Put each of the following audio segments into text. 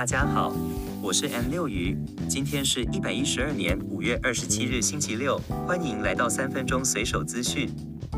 大家好，我是 M 六魚，今天是一百一十二年五月二十七日星期六，歡迎來到三分鐘隨手資訊，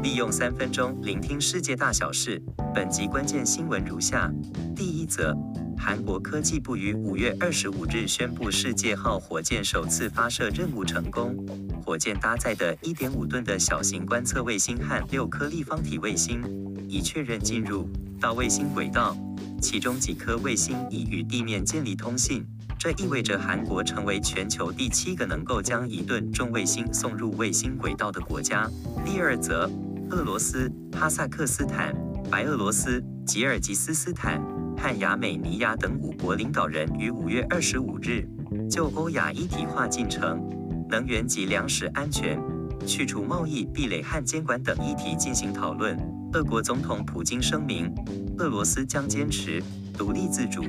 利用三分鐘聆聽世界大小事。本集關鍵新聞如下：第一則。韓國科技部於五月二十五日宣布，世界號火箭首次發射任務成功。火箭搭載的一點五噸的小型觀測衛星和六顆立方體衛星已確認進入到衛星軌道，其中幾顆衛星已與地面建立通信。這意味着韓國成為全球第七個能夠將一噸重衛星送入衛星軌道的國家。第二則，俄羅斯、哈薩克斯坦、白俄羅斯、吉爾吉斯斯坦。和亞美尼亞等五國領導人於五月二十五日就歐亞一體化進程、能源及糧食安全、去除貿易壁壘和監管等議題進行討論。俄國總統普京聲明，俄羅斯將堅持獨立自主、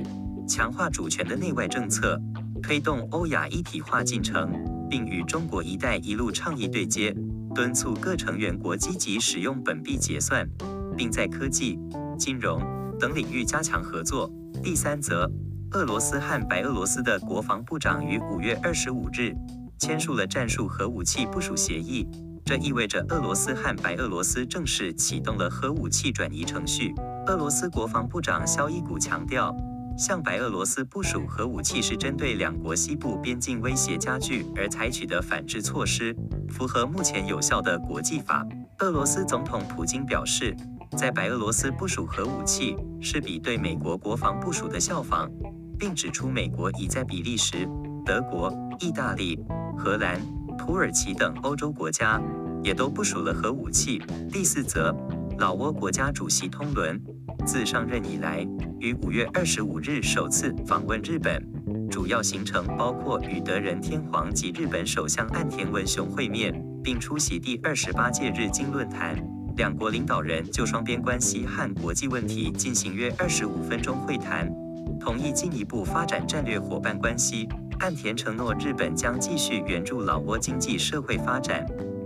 強化主權的內外政策，推動歐亞一體化進程，並與中國“一帶一路”倡議對接，敦促各成員國積極使用本幣結算，並在科技、金融。等領域加強合作。第三則，俄羅斯和白俄羅斯的國防部長於五月二十五日簽署了戰術核武器部署協議，這意味着俄羅斯和白俄羅斯正式啟動了核武器轉移程序。俄羅斯國防部長肖伊古強調，向白俄羅斯部署核武器是針對兩國西部邊境威脅加劇而採取的反制措施，符合目前有效的國際法。俄羅斯總統普京表示，在白俄羅斯部署核武器。是比對美國國防部署的效仿，並指出，美國已在比利時、德國、意大利、荷蘭、土耳其等歐洲國家也都部署了核武器。第四則，老撾國家主席通倫自上任以來，於五月二十五日首次訪問日本，主要行程包括與德仁天皇及日本首相岸田文雄會面，並出席第二十八屆日經論壇。兩國領導人就雙邊關係和國際問題進行約二十五分鐘會談，同意進一步發展戰略夥伴關係。岸田承諾日本將繼續援助老撾經濟社會發展，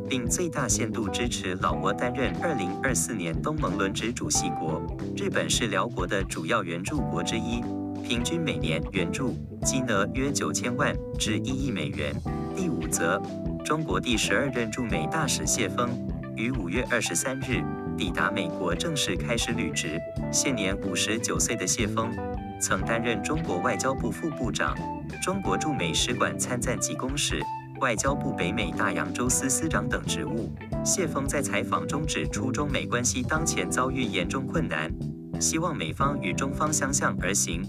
並最大限度支持老撾擔任二零二四年東盟輪值主席國。日本是寮國的主要援助國之一，平均每年援助金額約九千萬至一億美元。第五則，中國第十二任駐美大使謝鋒，於五月二十三日抵達美國，正式開始履職。現年五十九歲的謝鋒曾擔任中國外交部副部長、中國駐美使館參贊及公使、外交部北美大洋洲司司長等職務。謝鋒在採訪中指出，中美關係當前遭遇嚴重困難，希望美方與中方相向而行。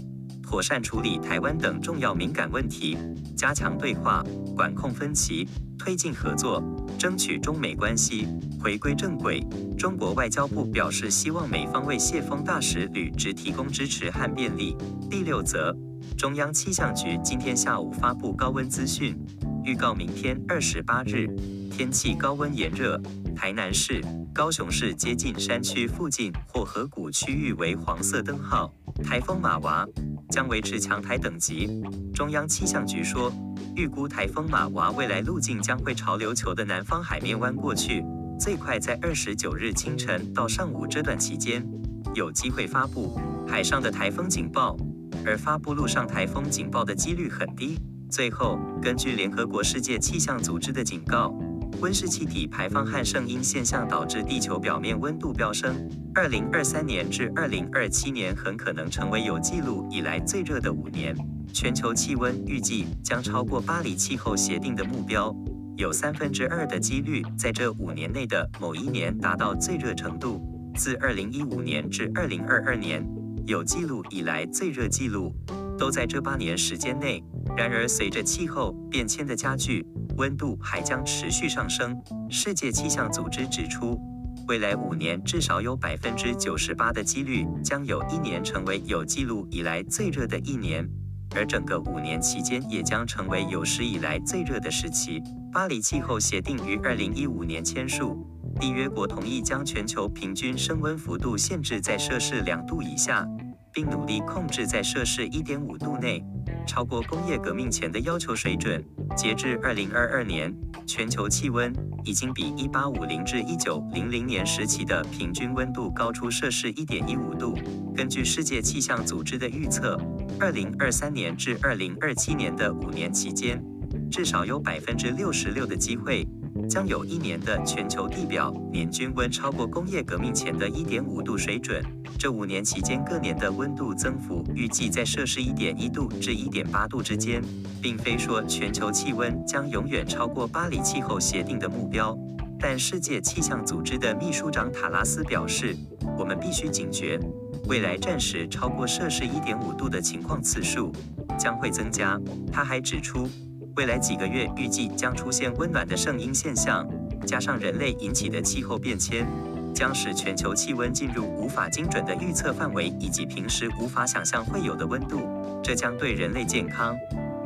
妥善處理台灣等重要敏感問題，加強對話，管控分歧，推進合作，爭取中美關係回歸正軌。中國外交部表示，希望美方為謝鋒大使履職提供支持和便利。第六則，中央氣象局今天下午發布高溫資訊，預告明天二十八日天氣高溫炎熱，台南市、高雄市接近山區附近或河谷區域為黃色燈號。台風馬娃。將維持強台等級。中央氣象局說，預估颱風馬娃未來路徑將會朝琉球的南方海面彎過去，最快在二十九日清晨到上午這段期間，有機會發布海上的颱風警報，而發布陸上台風警報的幾率很低。最後，根據聯合國世界氣象組織的警告。溫室氣體排放和聖嬰現象導致地球表面溫度飆升。2023年至2027年很可能成為有記錄以來最熱的五年，全球氣溫預計將超過巴黎氣候協定的目標。有三分之二的幾率在這五年內的某一年達到最熱程度。自2015年至2022年，有記錄以來最熱記錄。都在這八年時間內。然而，隨着氣候變遷的加劇，溫度還將持續上升。世界氣象組織指出，未來五年至少有百分之九十八的幾率將有一年成為有記錄以來最熱的一年，而整個五年期間也將成為有史以來最熱的時期。巴黎氣候協定於二零一五年簽署，締約國同意將全球平均升溫幅度限制在攝氏兩度以下。並努力控制在攝氏一點五度內，超過工業革命前的要求水準。截至二零二二年，全球氣溫已經比一八五零至一九零零年時期的平均溫度高出攝氏一點一五度。根據世界氣象組織的預測，二零二三年至二零二七年的五年期間，至少有百分之六十六的機會。將有一年的全球地表年均溫超過工業革命前的1.5度水準。這五年期間各年的溫度增幅預計在攝氏1.1度至1.8度之間，並非說全球氣溫將永遠超過巴黎氣候協定的目標。但世界氣象組織的秘書長塔拉斯表示，我們必須警覺，未來暫時超過攝氏1.5度的情況次數將會增加。他還指出。未來幾個月預計將出現溫暖的聖嬰現象，加上人類引起的氣候變遷，將使全球氣溫進入無法精準的預測範圍，以及平時無法想象會有的溫度。這將對人類健康、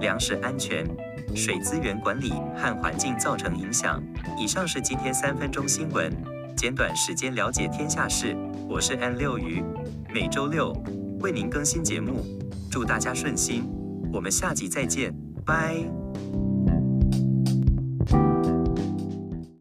糧食安全、水資源管理和環境造成影響。以上是今天三分鐘新聞，簡短時間了解天下事。我是 N 六魚，每周六為您更新節目，祝大家順心。我們下集再見，拜。